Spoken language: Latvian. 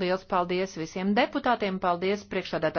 Liels paldies visiem deputātiem, paldies priekšādātājiem.